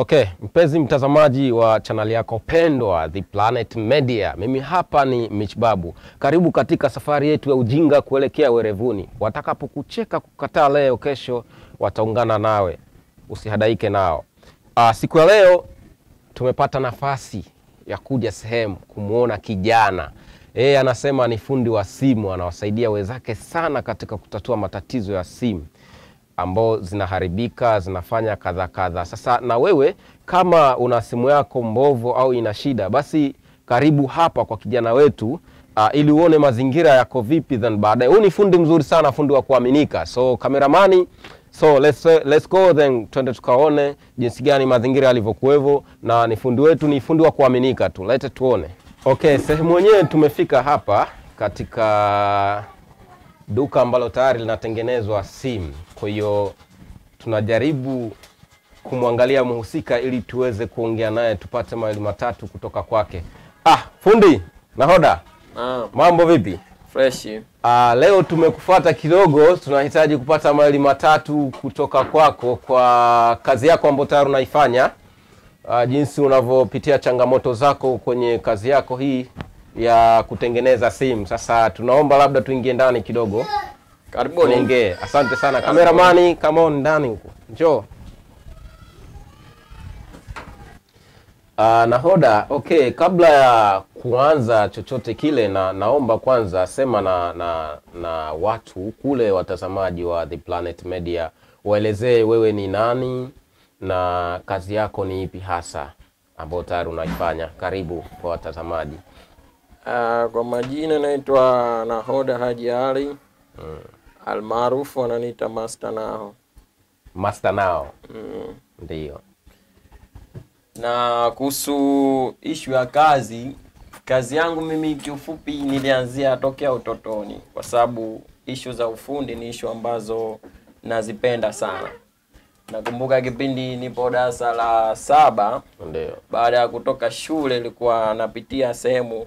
Okay, mpenzi mtazamaji wa chaneli yako pendwa The Planet Media, mimi hapa ni Michbabu. Karibu katika safari yetu ya ujinga kuelekea werevuni. Watakapokucheka kukataa leo, kesho wataungana nawe, usihadaike nao. Aa, ah, siku ya leo tumepata nafasi ya kuja sehemu kumwona kijana yeye anasema ni fundi wa simu, anawasaidia wenzake sana katika kutatua matatizo ya simu ambao zinaharibika zinafanya kadha kadha. Sasa na wewe kama una simu yako mbovu au ina shida, basi karibu hapa kwa kijana wetu uh, ili uone mazingira yako vipi, then baadaye. Huyu ni fundi mzuri sana, fundi wa kuaminika. So kameramani, so let's, let's go then, twende tukaone jinsi gani mazingira yalivyokuwevo, na ni fundi wetu, ni fundi wa kuaminika tu. Lete tuone. Okay, sehemu yenyewe tumefika hapa katika duka ambalo tayari linatengenezwa simu. Kwa hiyo tunajaribu kumwangalia mhusika ili tuweze kuongea naye tupate mawili matatu kutoka kwake. Ah, fundi nahoda, ah. mambo vipi? Fresh. Ah, leo tumekufata kidogo, tunahitaji kupata mawili matatu kutoka kwako kwa kazi yako ambayo tayari unaifanya, ah, jinsi unavyopitia changamoto zako kwenye kazi yako hii ya kutengeneza simu. Sasa tunaomba labda tuingie ndani kidogo, karibuni, ongee. Asante sana kameramani, come on ndani huko, njoo. Uh, ah, nahoda, okay, kabla ya kuanza chochote kile na naomba kwanza sema na, na, na watu kule watazamaji wa The Planet Media waelezee wewe ni nani na kazi yako ni ipi hasa ambayo tayari unaifanya. Karibu kwa watazamaji. Uh, kwa majina naitwa Nahoda Haji Ali mm. almaarufu ananiita Master Nao. Master Nao mm. ndio. Na kuhusu ishu ya kazi, kazi yangu mimi kiufupi nilianzia tokea utotoni, kwa sababu ishu za ufundi ni ishu ambazo nazipenda sana. Nakumbuka kipindi nipo darasa la saba, ndio baada ya kutoka shule, nilikuwa napitia sehemu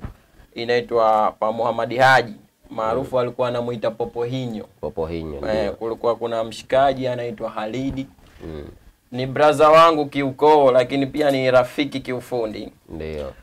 inaitwa pa Muhammad Haji maarufu mm. alikuwa anamuita popo hinyo eh, kulikuwa kuna mshikaji anaitwa Halidi mm. ni brother wangu kiukoo, lakini pia ni rafiki kiufundi. Ndio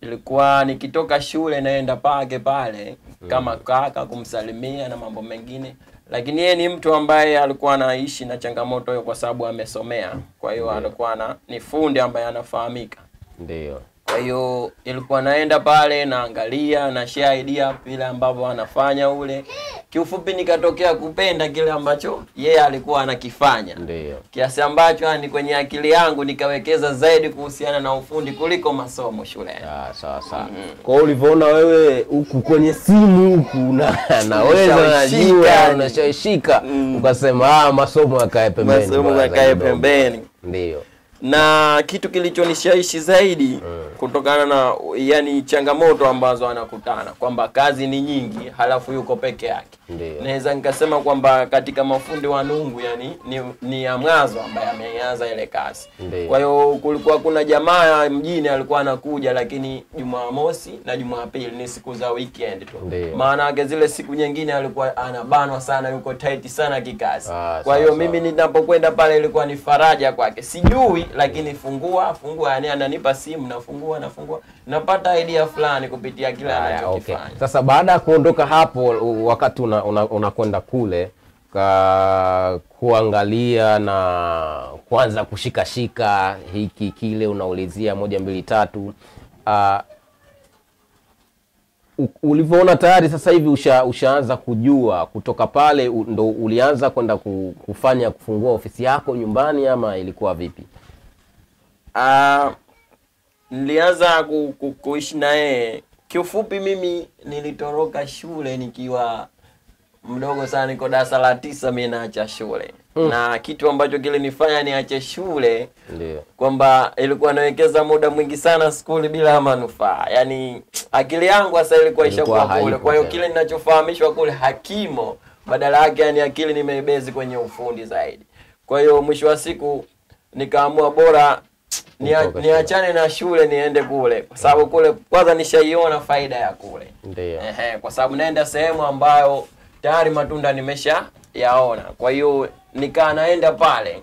ilikuwa nikitoka shule naenda pake pale mm. kama kaka kumsalimia na mambo mengine, lakini yeye ni mtu ambaye alikuwa anaishi na changamoto hiyo kwa sababu amesomea, kwa hiyo alikuwa na ni fundi ambaye anafahamika. Ndio kwa hiyo ilikuwa naenda pale naangalia na share idea vile ambavyo anafanya ule. Kiufupi nikatokea kupenda kile ambacho yeye yeah, alikuwa anakifanya. Ndiyo. Kiasi ambacho ah, ni kwenye akili yangu nikawekeza zaidi kuhusiana na ufundi kuliko masomo shule Ah, sawa sawa. Mm. -hmm. Kwa ulivyoona wewe huku kwenye simu huku na naweza najua unashawishika mm. Ukasema ah, masomo yakae pembeni. Masomo yakae pembeni. Ndiyo na kitu kilichonishawishi zaidi mm. kutokana na yani changamoto ambazo anakutana kwamba kazi ni nyingi halafu yuko peke yake naweza nikasema kwamba katika mafundi wa nungu yani ni, ni amwazo ambaye ameanza ile kazi kwa hiyo kulikuwa kuna jamaa mjini alikuwa anakuja lakini jumamosi na jumapili ni siku za weekend tu maana yake zile siku nyingine alikuwa anabanwa sana yuko tight sana kikazi ah, kwa hiyo mimi ninapokwenda pale ilikuwa ni faraja kwake sijui lakini fungua fungua, yani ananipa simu, nafungua nafungua, napata idea fulani kupitia kile anachokifanya. Okay. Sasa baada ya kuondoka hapo, wakati unakwenda una, una kule ka kuangalia na kuanza kushikashika hiki kile, unaulizia moja mbili tatu, uh, ulivyoona tayari sasa hivi usha, ushaanza kujua kutoka pale ndo ulianza kwenda kufanya kufungua ofisi yako nyumbani ama ilikuwa vipi? Ah, nilianza ku, ku, kuishi naye kiufupi, mimi nilitoroka shule nikiwa mdogo sana, niko darasa la tisa, mi naacha shule mm. na kitu ambacho kilinifanya niache shule kwamba ilikuwa nawekeza muda mwingi sana skuli bila manufaa, yaani akili yangu sasa ilikuwa ishakuwa kule. Kwa hiyo kile ninachofahamishwa kule hakimo, badala yake yani akili nimeibezi kwenye ufundi zaidi. Kwa hiyo mwisho wa siku nikaamua bora niachane na shule niende kule, kwa sababu kule kwanza nishaiona faida ya kule. Ndio. Ehe, kwa sababu naenda sehemu ambayo tayari matunda nimesha yaona, kwa hiyo nikaa naenda pale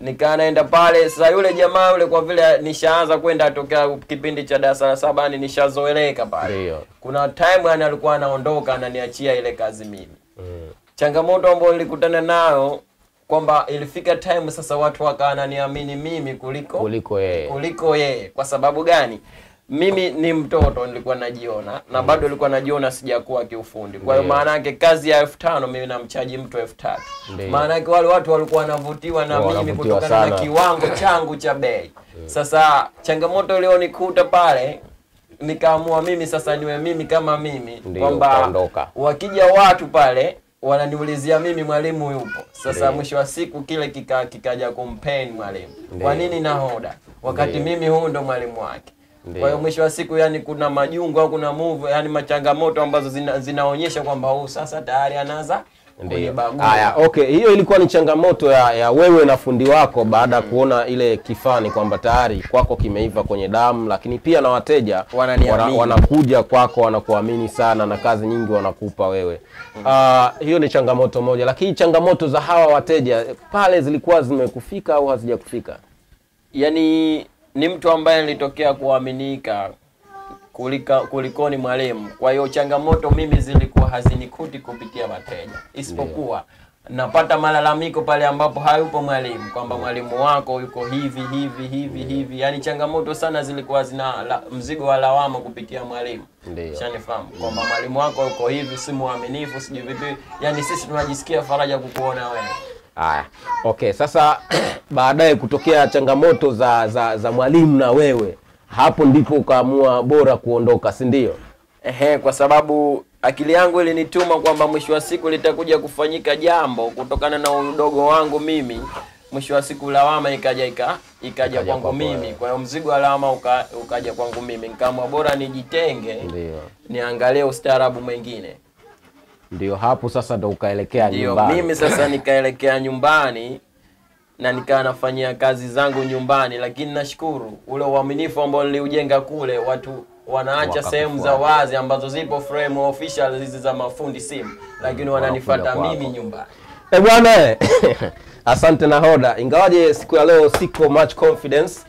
nikaa naenda pale. Sasa yule jamaa yule, kwa vile nishaanza kwenda tokea kipindi cha darasa la saba, yani nishazoeleka pale. Ndio. Kuna time yani alikuwa anaondoka ananiachia ile kazi mimi. Mm. Changamoto ambayo nilikutana nayo kwamba ilifika time sasa watu wakananiamini mimi kuliko kuliko yeye kuliko yeye. Kwa sababu gani? Mimi ni mtoto nilikuwa najiona na bado nilikuwa najiona sijakuwa kiufundi. Kwa hiyo maana yake kazi ya elfu tano mimi namchaji mtu elfu tatu. Maana yake wale watu walikuwa wanavutiwa na Mwa, mimi kutokana sana. na kiwango changu cha bei. Sasa changamoto iliyonikuta pale nikaamua mimi sasa niwe mimi kama mimi kwamba wakija watu pale wananiulizia mimi mwalimu yupo sasa yeah. mwisho wa siku kile kikaja kika kumpen mwalimu yeah. kwa nini nahoda wakati yeah. mimi huu ndo mwalimu wake Ndiyo. Kwa hiyo mwisho wa siku yani kuna majungu au kuna move yani machangamoto ambazo zina, zinaonyesha kwamba huu sasa tayari anaza Ndiyo. Haya, okay. Hiyo ilikuwa ni changamoto ya, ya wewe na fundi wako baada ya mm. kuona ile kifani kwamba tayari kwako kimeiva kwenye damu, lakini pia na wateja wana, wanakuja kwako wanakuamini sana na kazi nyingi wanakupa wewe. Mm. Uh, hiyo ni changamoto moja, lakini changamoto za hawa wateja pale zilikuwa zimekufika au hazijakufika? Yaani ni mtu ambaye alitokea kuaminika kulika, kulikoni mwalimu. Kwa hiyo changamoto mimi zilikuwa hazinikuti kupitia wateja, isipokuwa napata malalamiko pale ambapo hayupo mwalimu, kwamba mwalimu wako yuko hivi hivi hivi yeah. hivi. Yani changamoto sana zilikuwa zina la, mzigo wa lawama kupitia mwalimu, shanifahamu kwamba mwalimu wako yuko hivi, si mwaminifu, sijui vipi. Yani sisi tunajisikia faraja kukuona wewe. Haya, okay. Sasa baadaye kutokea changamoto za, za, za mwalimu na wewe hapo ndipo ukaamua bora kuondoka, si ndio? Ehe, kwa sababu akili yangu ilinituma kwamba mwisho wa siku litakuja kufanyika jambo kutokana na udogo wangu mimi mwisho wa siku lawama ikaja ika, ikaja kwangu mimi. Kwa hiyo mzigo wa lawama uka, ukaja kwangu mimi, nikaamua bora nijitenge, niangalie ustaarabu mwingine. Ndio hapo sasa ndo ukaelekea nyumbani. mimi sasa nikaelekea nyumbani na nikawa nafanyia kazi zangu nyumbani, lakini nashukuru ule uaminifu ambao niliujenga kule, watu wanaacha sehemu za wazi ambazo zipo frame official hizi za mafundi simu, lakini mm, wananifuata mimi nyumbani. Eh bwana, asante nahoda, ingawaje siku ya leo siko much confidence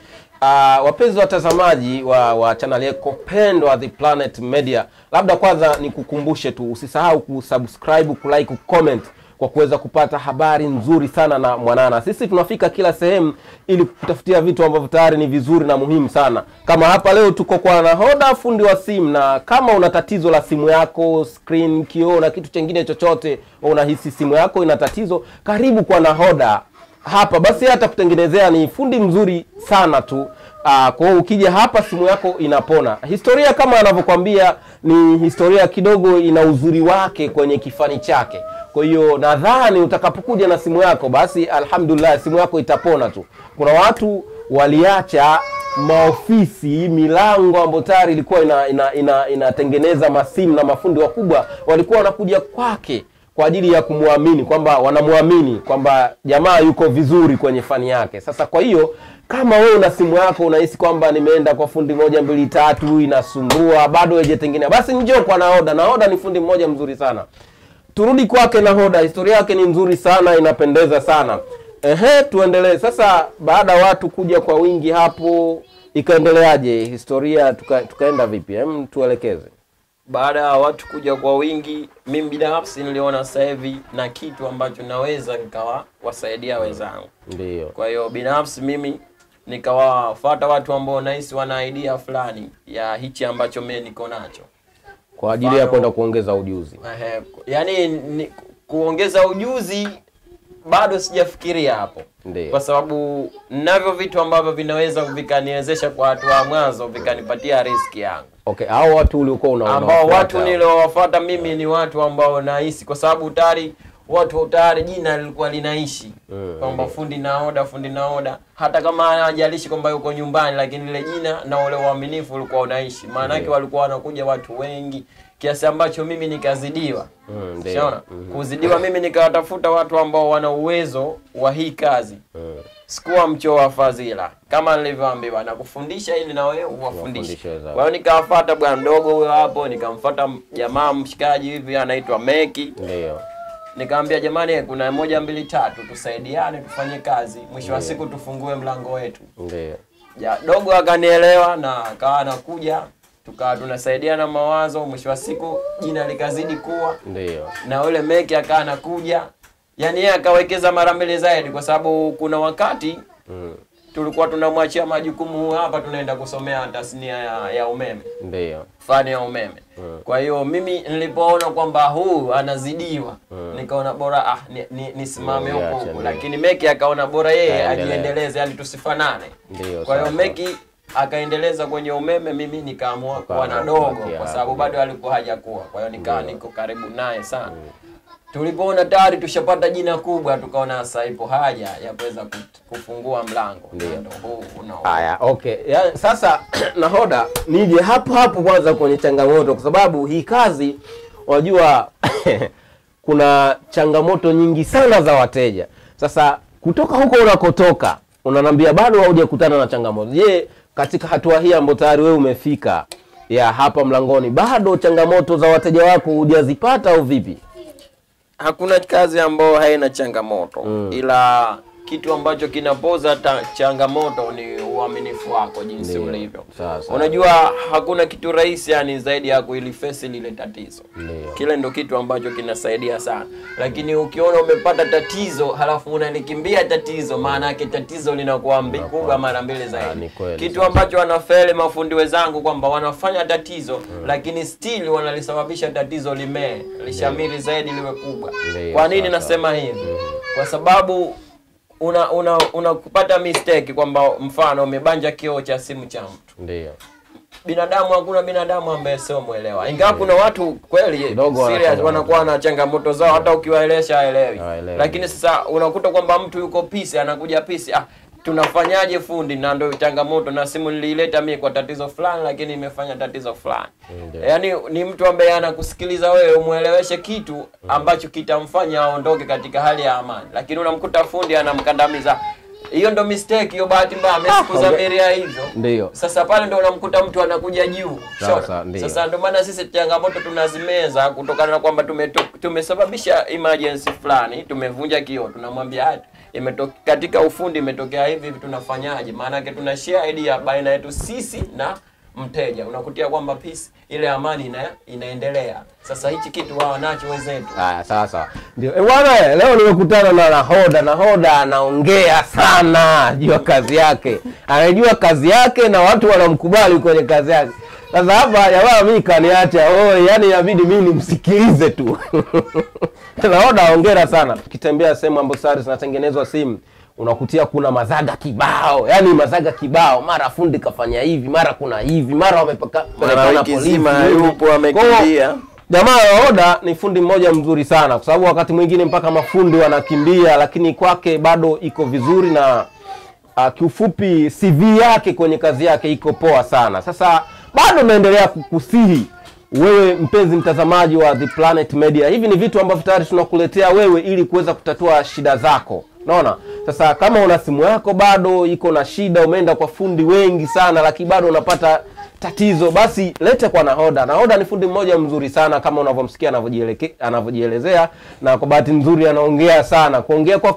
Uh, wapenzi watazamaji wa, wa channel yako pendwa The Planet Media, labda kwanza nikukumbushe tu, usisahau kusubscribe, kulike, kucomment kwa kuweza kupata habari nzuri sana na mwanana. Sisi tunafika kila sehemu ili kutafutia vitu ambavyo tayari ni vizuri na muhimu sana. Kama hapa leo tuko kwa nahoda fundi wa simu, na kama una tatizo la simu yako, screen, kioo na kitu chengine chochote, unahisi simu yako ina tatizo, karibu kwa nahoda hapa basi hata kutengenezea ni fundi mzuri sana tu. Aa, ah, kwa hiyo ukija hapa simu yako inapona. Historia kama anavyokwambia ni historia kidogo, ina uzuri wake kwenye kifani chake. Kwa hiyo nadhani utakapokuja na simu yako, basi alhamdulillah simu yako itapona tu. Kuna watu waliacha maofisi milango ambayo tayari ilikuwa inatengeneza ina, ina, ina masimu na mafundi wakubwa walikuwa wanakuja kwake kwa ajili ya kumwamini kwamba wanamwamini kwamba jamaa yuko vizuri kwenye fani yake. Sasa kwa hiyo kama wewe una simu yako unahisi kwamba nimeenda kwa fundi moja mbili tatu inasumbua bado haijatengenea, basi njoo kwa naoda. Naoda ni fundi mmoja mzuri sana turudi kwake Nahoda, historia yake ni nzuri sana, inapendeza sana. Ehe, tuendelee sasa. Baada ya watu kuja kwa wingi hapo, ikaendeleaje historia? Tuka, tukaenda vipi? Hem, tuelekeze. Baada ya watu kuja kwa wingi, mimi binafsi niliona sasa hivi na kitu ambacho naweza nikawa wasaidia hmm. wenzangu, ndio. Kwa hiyo binafsi mimi nikawafata watu ambao nahisi wana idea fulani ya hichi ambacho mimi niko nacho kwa ajili ya kwenda kuongeza ujuzi. Ehe, yani ni, kuongeza ujuzi bado sijafikiria hapo, Ndiyo. kwa sababu navyo vitu ambavyo vinaweza vikaniwezesha kwa hatua ya mwanzo vikanipatia riski yangu. Okay, hao watu uliokuwa unaona ambao watu niliowafuata mimi ni watu ambao nahisi kwa sababu tayari watu tayari jina lilikuwa linaishi mm, kwamba mm. fundi na oda fundi na oda, hata kama hajalishi kwamba yuko nyumbani, lakini ile jina na ule uaminifu ulikuwa unaishi. Maana yake mm. walikuwa wanakuja watu wengi kiasi ambacho mimi nikazidiwa mm, mm -hmm. kuzidiwa mimi nikawatafuta watu ambao wana uwezo wa hii kazi mm. sikuwa wa fadhila kama nilivyoambiwa na kufundisha ili na wewe uwafundishe. Kwa hiyo nikawafuata bwana mdogo huyo hapo, nikamfuata jamaa mshikaji hivi anaitwa Meki, ndio Nikamwambia jamani, kuna moja mbili tatu, tusaidiane tufanye kazi, mwisho wa siku tufungue mlango wetu. Ndio. Ja, dogo akanielewa na akawa anakuja tukawa tunasaidiana mawazo, mwisho wa siku jina likazidi kuwa. Ndio. Na yule meki akawa anakuja, yani yeye akawekeza mara mbili zaidi, kwa sababu kuna wakati mm tulikuwa tunamwachia majukumu hapa, tunaenda kusomea tasnia ya, ya umeme, ndio fani ya umeme mm. Kwa hiyo mimi nilipoona kwamba huu anazidiwa mm. nikaona bora ah, nisimame ni, ni huko mm, lakini Meki akaona bora yeye ajiendeleze, yani tusifanane. Kwa hiyo Meki akaendeleza kwenye umeme, mimi nikaamua kuwa na dogo, kwa sababu bado alikuwa hajakuwa. Kwa hiyo nikaa niko karibu naye sana mm tulipoona tayari tushapata jina kubwa, tukaona sasa ipo haja ya kuweza kufungua mlango. Haya, okay. Ya, sasa nahoda, nije hapo hapo kwanza kwenye changamoto, kwa sababu hii kazi wajua kuna changamoto nyingi sana za wateja. Sasa kutoka huko unakotoka, unanambia bado haujakutana na changamoto. Je, katika hatua hii ambayo tayari wewe umefika ya hapa mlangoni, bado changamoto za wateja wako hujazipata au vipi? hakuna kazi ambayo haina changamoto mm. ila kitu ambacho kinapoza ta, changamoto ni uaminifu wako jinsi Ndiyo. ulivyo. Unajua hakuna kitu rahisi yani zaidi ya kuilifesi lile tatizo. Ndiyo. Kile ndo kitu ambacho kinasaidia sana, lakini ukiona umepata tatizo halafu unalikimbia tatizo, maana yake tatizo linakuwa kubwa mara mbili zaidi. Ha, kitu ambacho wanafele mafundi wenzangu kwamba wanafanya tatizo hmm, lakini still wanalisababisha tatizo limee lishamiri zaidi liwe kubwa. Kwa nini nasema hivi? Mm. Kwa sababu una una unakupata mistake kwamba mfano umebanja kioo cha simu cha mtu ndio binadamu hakuna binadamu ambaye sio mwelewa ingawa kuna watu kweli serious wanakuwa na changamoto zao hata ukiwaelesha haelewi lakini sasa unakuta kwamba mtu yuko pisi anakuja pisi ah tunafanyaje fundi, na ndio changamoto, na simu nilileta mimi kwa tatizo fulani, lakini imefanya tatizo fulani. Yaani ni mtu ambaye anakusikiliza wewe, umweleweshe kitu ambacho kitamfanya aondoke katika hali ya amani, lakini unamkuta fundi anamkandamiza hiyo ndo mistake hiyo, bahati mbaya amesikuzamiria ah! hivyo. Ndio sasa pale ndo unamkuta mtu anakuja juu. Sasa sasa ndio maana sisi changamoto tunazimeza kutokana na kwamba tumesababisha emergency fulani, tumevunja kioo, tunamwambia hata imetoka katika ufundi imetokea hivi hivi, tunafanyaje? Maana yake tuna share idea baina yetu sisi na mteja unakutia kwamba peace ile amani ina, inaendelea. Sasa hichi kitu wao nacho wenzetu. Haya, sawa sawa, ndio e, bwana. Eh, leo nimekutana na nahoda. Nahoda anaongea sana jua kazi yake, anajua kazi yake na watu wanamkubali kwenye kazi yake. Sasa hapa jamaa mimi kaniacha. Oh, yani yabidi mimi nimsikilize tu. Naona ongera sana. Tukitembea sehemu ambapo sare zinatengenezwa simu unakutia kuna mazaga kibao, yani mazaga kibao, mara fundi kafanya hivi, mara kuna hivi, mara wamepaka mara polisi yupo amekimbia. Jamaa wa Oda ni fundi mmoja mzuri sana, kwa sababu wakati mwingine mpaka mafundi wanakimbia, lakini kwake bado iko vizuri na uh, kiufupi CV yake kwenye kazi yake iko poa sana. Sasa bado naendelea kukusihi wewe mpenzi mtazamaji wa The Planet Media, hivi ni vitu ambavyo tayari tunakuletea wewe ili kuweza kutatua shida zako. Naona sasa, kama una simu yako bado iko na shida, umeenda kwa fundi wengi sana, lakini bado unapata tatizo, basi lete kwa nahoda. Nahoda ni fundi mmoja mzuri sana, kama unavyomsikia anavyojielezea, na kwa bahati nzuri anaongea sana. Kuongea kwa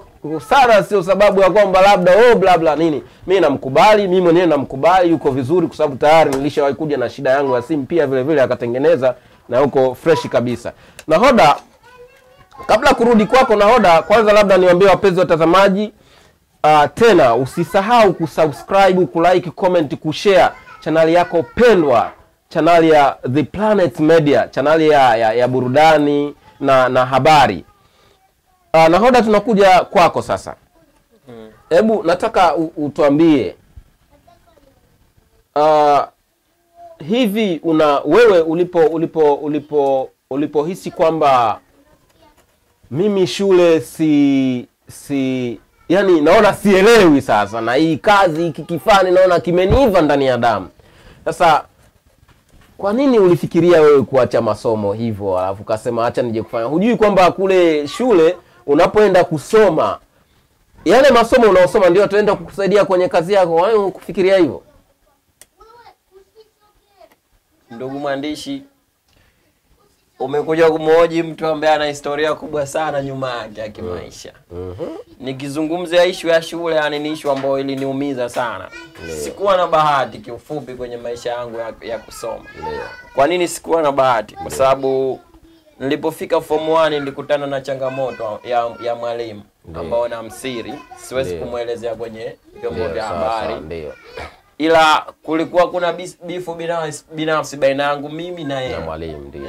sana sio sababu ya kwamba labda oh, bla bla nini. mi namkubali, mimi mwenyewe namkubali, yuko vizuri, kwa sababu tayari nilishawahi kuja na shida yangu ya simu, pia vile vile akatengeneza na yuko freshi kabisa. Nahoda, kabla kurudi kwako Nahoda, kwanza labda niwaambie wapenzi watazamaji, uh, tena usisahau kusubscribe, kulike, comment, kushare chanali yako pendwa, chanali ya The Planet Media, chanali ya, ya, ya burudani na na habari. Uh, ah, nahoda, tunakuja kwako sasa. Hebu hmm. nataka utuambie uh, hivi una wewe ulipo ulipo ulipo ulipohisi kwamba mimi shule si si yani naona sielewi sasa, na hii kazi hiki kifani naona kimeniva ndani ya damu. Sasa kwa nini ulifikiria wewe kuacha masomo hivyo, alafu kasema acha nije kufanya? Hujui kwamba kule shule unapoenda kusoma yale masomo unaosoma ndio ataenda kukusaidia kwenye kazi yako. Wewe kufikiria hivyo, ndugu mwandishi? umekuja kumhoji mtu ambaye ana historia kubwa sana nyuma yake ya kimaisha. mm -hmm. Nikizungumzia ishu ya shule, yani ni ishu ambayo iliniumiza sana. Yeah. Sikuwa na bahati kiufupi kwenye maisha yangu ya, ya kusoma. Yeah. Kwa nini sikuwa na bahati? Kwa sababu nilipofika form 1 nilikutana na changamoto ya, ya mwalimu ambao na msiri siwezi kumwelezea kwenye vyombo vya habari ila kulikuwa kuna bifu binafsi, baina yangu mimi na yeye na mwalimu ndio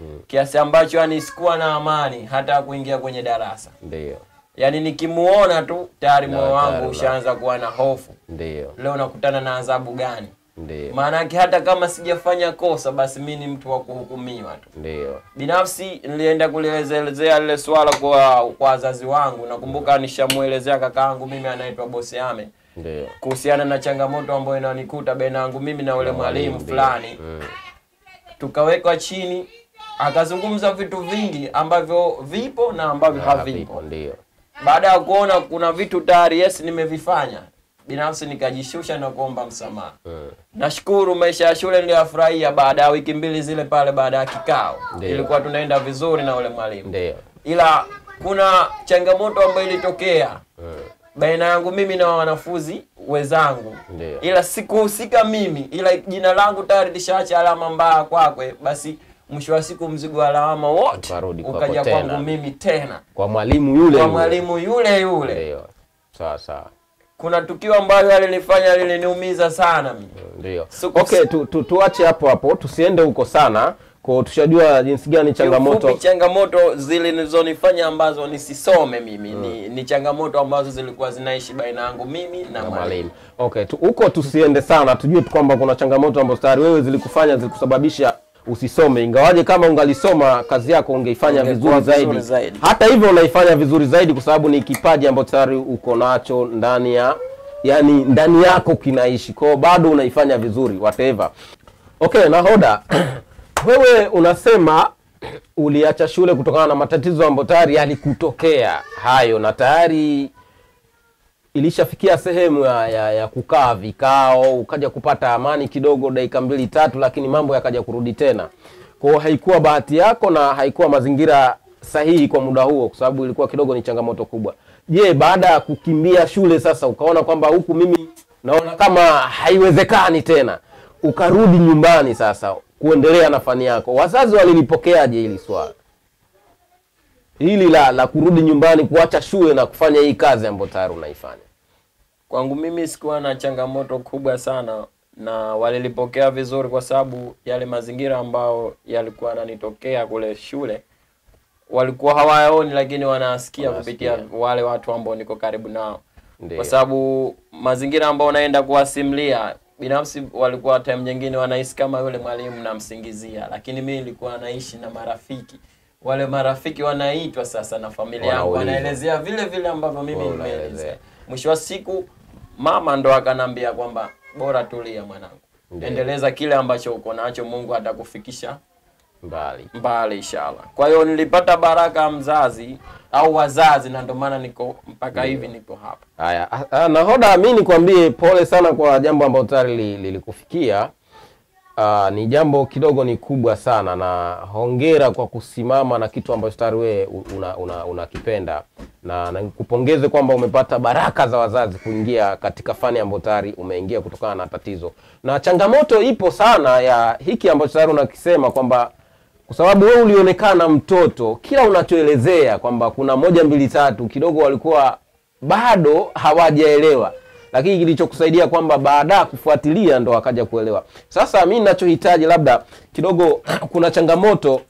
mm. kiasi ambacho yani sikuwa na amani hata kuingia kwenye darasa ndio yani nikimuona tu tayari moyo wangu ushaanza kuwa na hofu ndio leo nakutana na adhabu gani ndio maana hata kama sijafanya kosa basi mimi ni mtu wa kuhukumiwa tu ndio binafsi nilienda kulielezea lile swala kwa kwa wazazi wangu nakumbuka nishamuelezea kakaangu mimi anaitwa bosiame ame kuhusiana na changamoto ambayo inanikuta baina yangu mimi na ule mwalimu fulani mm. tukawekwa chini akazungumza vitu vingi ambavyo vipo na ambavyo ah, havipo ndio baada ya kuona kuna vitu tayari yes nimevifanya binafsi nikajishusha na kuomba msamaha mm. nashukuru maisha ya shule niliyafurahia baada ya wiki mbili zile pale baada ya kikao ilikuwa tunaenda vizuri na ule mwalimu ila kuna changamoto ambayo ilitokea mm baina yangu mimi na wanafunzi wenzangu, ila sikuhusika mimi, ila jina langu tayari lishaacha alama mbaya kwakwe, basi mwisho wa siku mzigo wa lawama wote ukaja kwangu mimi tena, kwa mwalimu yule kwa mwalimu yule yule. sawa sawa. Kuna tukio ambalo alinifanya liliniumiza sana mimi. Ndio. Okay, tu, tu, tuache hapo hapo, tusiende huko sana. Kwa tushajua jinsi gani changamoto Yufupi changamoto zilizonifanya ambazo nisisome mimi hmm. ni, ni changamoto ambazo zilikuwa zinaishi baina yangu mimi na mwalimu. Okay, huko tusiende sana, tujue kwamba kuna changamoto ambazo tayari wewe zilikufanya zilikusababisha usisome, ingawaje kama ungalisoma kazi yako ungeifanya Unge vizuri, vizuri zaidi. zaidi. Hata hivyo unaifanya vizuri zaidi kwa sababu ni kipaji ambacho tayari uko nacho ndani ya yani ndani yako kinaishi, kwao bado unaifanya vizuri whatever. Okay, nahoda wewe unasema uliacha shule kutokana na matatizo ambayo tayari yalikutokea hayo na tayari ilishafikia sehemu ya, ya, ya kukaa vikao, ukaja kupata amani kidogo dakika mbili tatu, lakini mambo yakaja kurudi tena. Kwa haikuwa bahati yako na haikuwa mazingira sahihi kwa muda huo, kwa sababu ilikuwa kidogo ni changamoto kubwa. Je, baada ya kukimbia shule sasa ukaona kwamba huku mimi naona kama haiwezekani tena, ukarudi nyumbani sasa kuendelea na fani yako. Wazazi walilipokeaje hili swala hili la la kurudi nyumbani, kuacha shule na kufanya hii kazi ambayo tayari unaifanya? Kwangu mimi sikuwa na changamoto kubwa sana, na walilipokea vizuri, kwa sababu yale mazingira ambayo yalikuwa yananitokea kule shule walikuwa hawayaoni, lakini wanasikia kupitia wale watu ambao niko karibu nao, kwa sababu mazingira ambayo unaenda kuwasimulia binafsi walikuwa time nyingine wanaishi kama yule mwalimu namsingizia, lakini mimi nilikuwa naishi na marafiki wale marafiki wanaitwa sasa na familia yangu, wanaelezea vile vile ambavyo mimi nimeelezea. Mwisho wa siku mama ndo akanambia kwamba bora tulia mwanangu, okay. endeleza kile ambacho uko nacho, Mungu atakufikisha mbali mbali inshallah. Kwa hiyo nilipata baraka mzazi au wazazi, na ndio maana niko mpaka yeah. hivi nipo hapa. Haya, ah, ah, nahoda, mi nikwambie pole sana kwa jambo ambalo tayari lilikufikia. Uh, ni jambo kidogo ni kubwa sana, na hongera kwa kusimama na kitu ambacho tayari wewe unakipenda una, una na nikupongeze kwamba umepata baraka za wazazi kuingia katika fani ambayo tayari umeingia kutokana na tatizo, na changamoto ipo sana ya hiki ambacho tayari unakisema kwamba kwa sababu wewe ulionekana mtoto, kila unachoelezea kwamba kuna moja mbili tatu, kidogo walikuwa bado hawajaelewa, lakini kilichokusaidia kwamba baada ya kufuatilia ndo wakaja kuelewa. Sasa mi ninachohitaji labda kidogo, kuna changamoto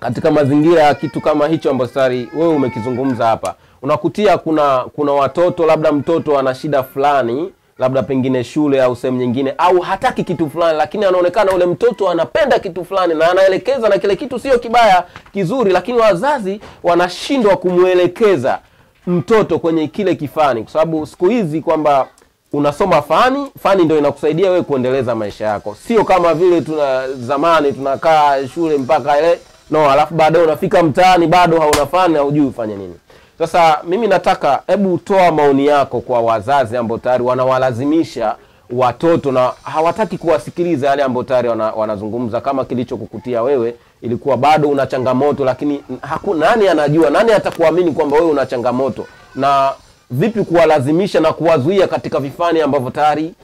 katika mazingira ya kitu kama hicho ambacho tayari wewe umekizungumza hapa, unakutia kuna kuna watoto labda mtoto ana shida fulani labda pengine shule au sehemu nyingine, au hataki kitu fulani, lakini anaonekana ule mtoto anapenda kitu fulani na anaelekeza, na kile kitu sio kibaya, kizuri, lakini wazazi wanashindwa kumwelekeza mtoto kwenye kile kifani, kwa sababu siku hizi kwamba unasoma fani fani ndio inakusaidia wewe kuendeleza maisha yako, sio kama vile tuna zamani tunakaa shule mpaka ile no, alafu baadaye unafika mtaani bado hauna fani, haujui ufanye nini. Sasa mimi nataka hebu toa maoni yako kwa wazazi ambao tayari wanawalazimisha watoto na hawataki kuwasikiliza yale ambayo tayari wana, wanazungumza. Kama kilichokukutia wewe ilikuwa bado una changamoto, lakini haku, nani anajua, nani atakuamini kwamba wewe una changamoto, na vipi kuwalazimisha na kuwazuia katika vifani ambavyo tayari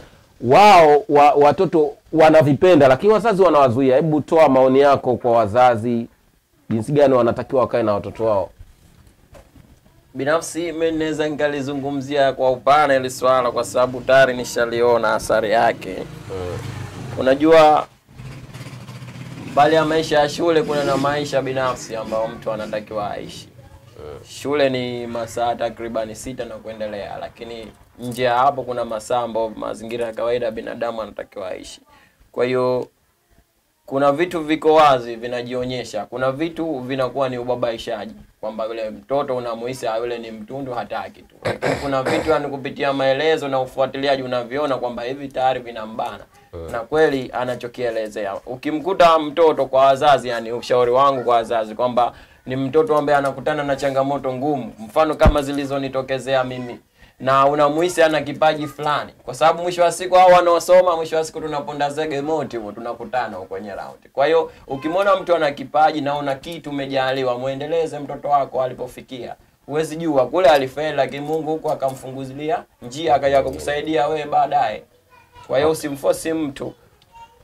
wao wa, watoto wanavipenda, lakini wazazi wanawazuia. Hebu toa maoni yako kwa wazazi, jinsi gani wanatakiwa wakae na watoto wao. Binafsi mimi naweza nikalizungumzia kwa upana ili swala kwa sababu tayari nishaliona athari yake. Mm. Unajua, mbali ya maisha ya shule kuna na maisha binafsi ambayo mtu anatakiwa aishi. Mm. Shule ni masaa takribani sita na kuendelea, lakini nje ya hapo kuna masaa ambayo mazingira ya kawaida binadamu anatakiwa aishi. Kwa hiyo kuna vitu viko wazi vinajionyesha, kuna vitu vinakuwa ni ubabaishaji kwamba yule mtoto unamuhisi ah, yule ni mtundu hataki tu. Kuna vitu yani kupitia maelezo na ufuatiliaji unaviona kwamba hivi tayari vinambana eh. na kweli anachokielezea. Ukimkuta mtoto kwa wazazi, yani ushauri wangu kwa wazazi kwamba ni mtoto ambaye anakutana na changamoto ngumu, mfano kama zilizonitokezea mimi na unamuhisi ana kipaji fulani, kwa sababu mwisho wa siku hao wanaosoma, mwisho wa siku tunaponda zege moti huko, tunakutana huko kwenye raundi. Kwa hiyo ukimwona mtu ana kipaji na una kitu umejaliwa, muendeleze mtoto wako alipofikia. Huwezi jua kule alifeli, lakini Mungu huko akamfunguzilia njia akaja kukusaidia wewe baadaye. Kwa hiyo usimfosi mtu.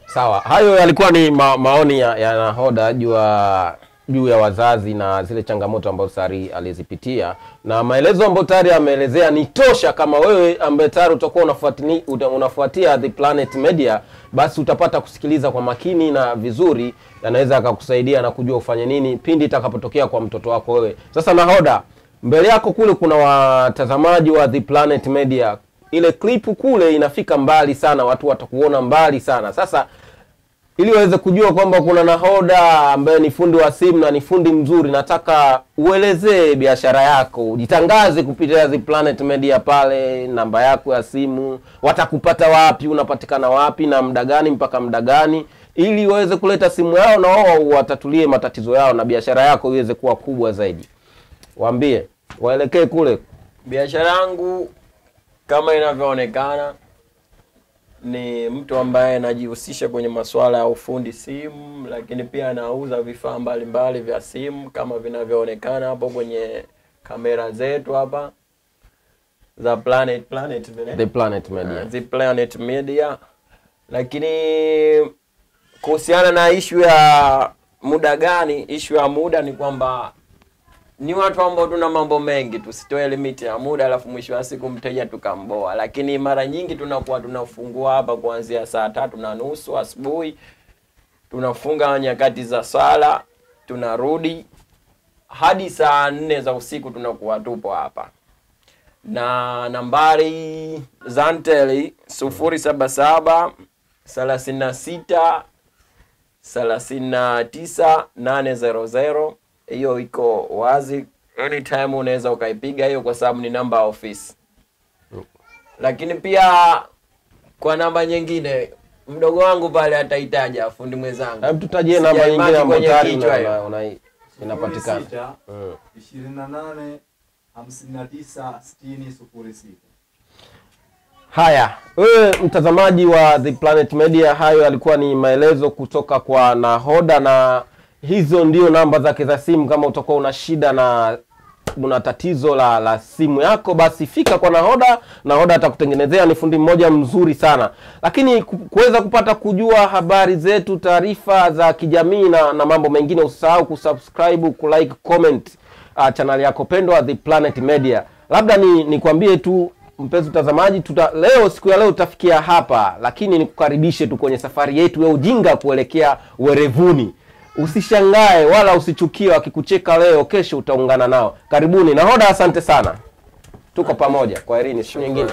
Sawa, hayo yalikuwa ni ma maoni ya, ya nahoda jua juu ya wazazi na zile changamoto ambazo tayari alizipitia, na maelezo ambayo tayari ameelezea ni tosha. Kama wewe ambaye tayari utakuwa unafuatilia unafuatia The Planet Media, basi utapata kusikiliza kwa makini na vizuri, anaweza akakusaidia na kujua ufanye nini pindi itakapotokea kwa mtoto wako wewe. Sasa nahoda, mbele yako kule kuna watazamaji wa The Planet Media, ile klipu kule inafika mbali sana, watu watakuona mbali sana. Sasa ili waweze kujua kwamba kuna nahoda ambaye ni fundi wa simu na ni fundi mzuri, nataka uelezee biashara yako, ujitangaze kupitia Planet Media pale, namba yako ya simu, watakupata wapi, unapatikana wapi na muda gani mpaka muda gani, ili waweze kuleta simu yao na wao watatulie matatizo yao na biashara yako iweze kuwa kubwa zaidi. Waambie waelekee kule biashara yangu kama inavyoonekana ni mtu ambaye anajihusisha kwenye masuala ya ufundi simu, lakini pia anauza vifaa mbalimbali vya simu kama vinavyoonekana hapo kwenye kamera zetu hapa za Planet Planet vile. The Planet Media. Eh, The Planet Media. Lakini kuhusiana na ishu ya muda gani, ishu ya muda ni kwamba ni watu ambao tuna mambo mengi, tusitoe limiti ya muda, alafu mwisho wa siku mteja tukamboa. Lakini mara nyingi tunakuwa tunafungua hapa kuanzia saa tatu na nusu asubuhi, tunafunga nyakati za sala, tunarudi hadi saa nne za usiku tunakuwa tupo hapa na nambari za nteli sufuri saba saba thelathini na sita thelathini na tisa nane zero zero hiyo iko wazi, anytime unaweza ukaipiga hiyo, kwa sababu ni namba ya ofisi. Lakini pia kwa namba nyingine mdogo wangu pale ataitaja fundi mwenzangu. Hebu tutajie namba nyingine ambayo tayari una inapatikana. Hmm. ishirini na nane hamsini na tisa sitini sufuri sita. Haya, wewe mtazamaji wa The Planet Media, hayo yalikuwa ni maelezo kutoka kwa nahoda na hizo ndio namba zake za simu. Kama utakuwa una shida na una tatizo la, la simu yako, basi fika kwa nahoda. Nahoda atakutengenezea, ni fundi mmoja mzuri sana. Lakini kuweza kupata kujua habari zetu, taarifa za kijamii na, na mambo mengine, usisahau kusubscribe, kulike, comment uh, channel yako pendwa The Planet Media. Labda ni nikwambie tu mpenzi mtazamaji, tuta leo siku ya leo tutafikia hapa, lakini nikukaribishe tu kwenye safari yetu ya ujinga kuelekea werevuni. Usishangae wala usichukie wakikucheka leo, kesho utaungana nao. Karibuni nahoda, asante sana, tuko pamoja. Kwaherini, siku nyingine.